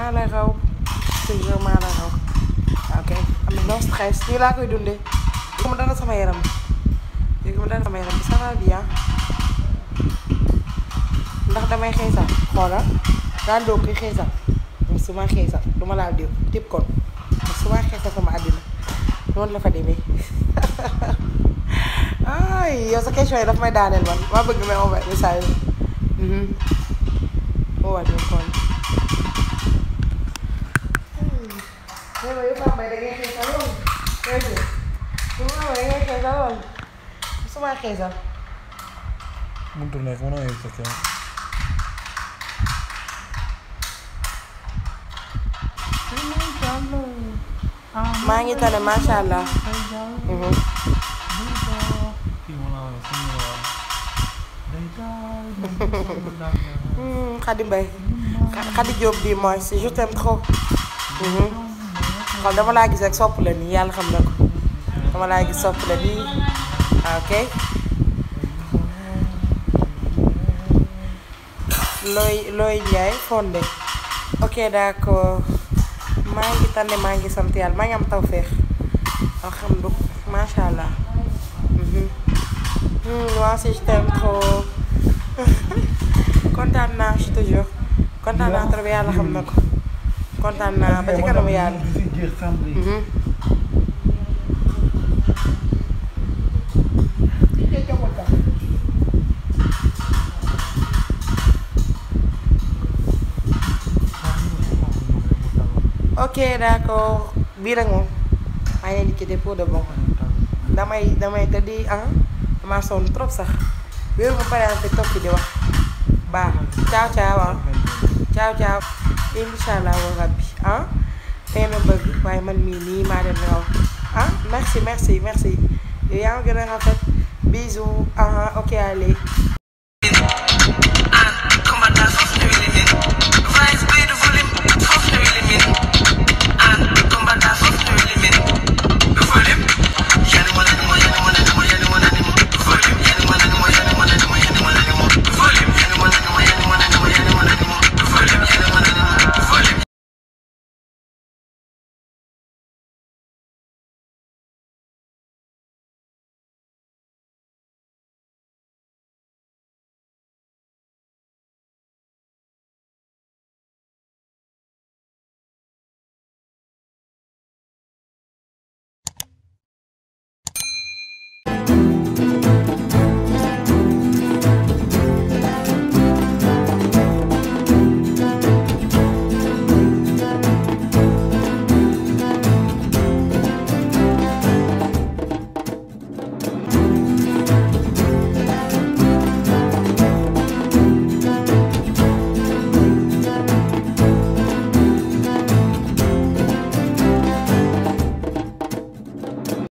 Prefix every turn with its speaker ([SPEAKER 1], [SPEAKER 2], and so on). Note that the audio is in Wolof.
[SPEAKER 1] maa lay raw toujours maa lay raw ok am na no stress nii laa koy dundee léegi mu dana sama yaram léegi mu dana sama yaram ndax damay xeesal xoolal daan doo koy xeesal su ma xeesal du ma laal diw tip kon su ma xeesal sama àddina noonu la fa demee ay yow sa question yi daf may daaneel man maa bëgg may oowal message yi oowal ñu kon Luego yo para bailar en el salón. Oye, yo para bailar en el salón. Eso va a quedar. Un turno con una de estas, ¿qué? maa ngi tane macha allah. Khady Mbaye Khady Diop di moi si je t'aime trop. xool dama laa gis ak sopp la nii yàlla xam na ko dama laa gis sopp la nii ah, ok looy looy jaay fonde ok d'accord maa ngi tànne maa ngi sant yàlla maa ngi am tawféex alhamdulilah macha allah mhm. hmm, waaw si je trop kontaan naa si toujours kontaan naa trop yàlla xam na ko kontaan naa ba ci kanamu yàlla. dear family. Mhm. ok d'accord bii nag moom maa pour de bon damay damay te ah damaa trop sax wéeru ma pare te topp di wax ah. baax ciao ciao waaw ah. ciao ciao incha allah ah tey la bëgg waaye man mii nii maa dem raw ah merci merci merci yow yaa ngi gën a rafet bisous ah ok allez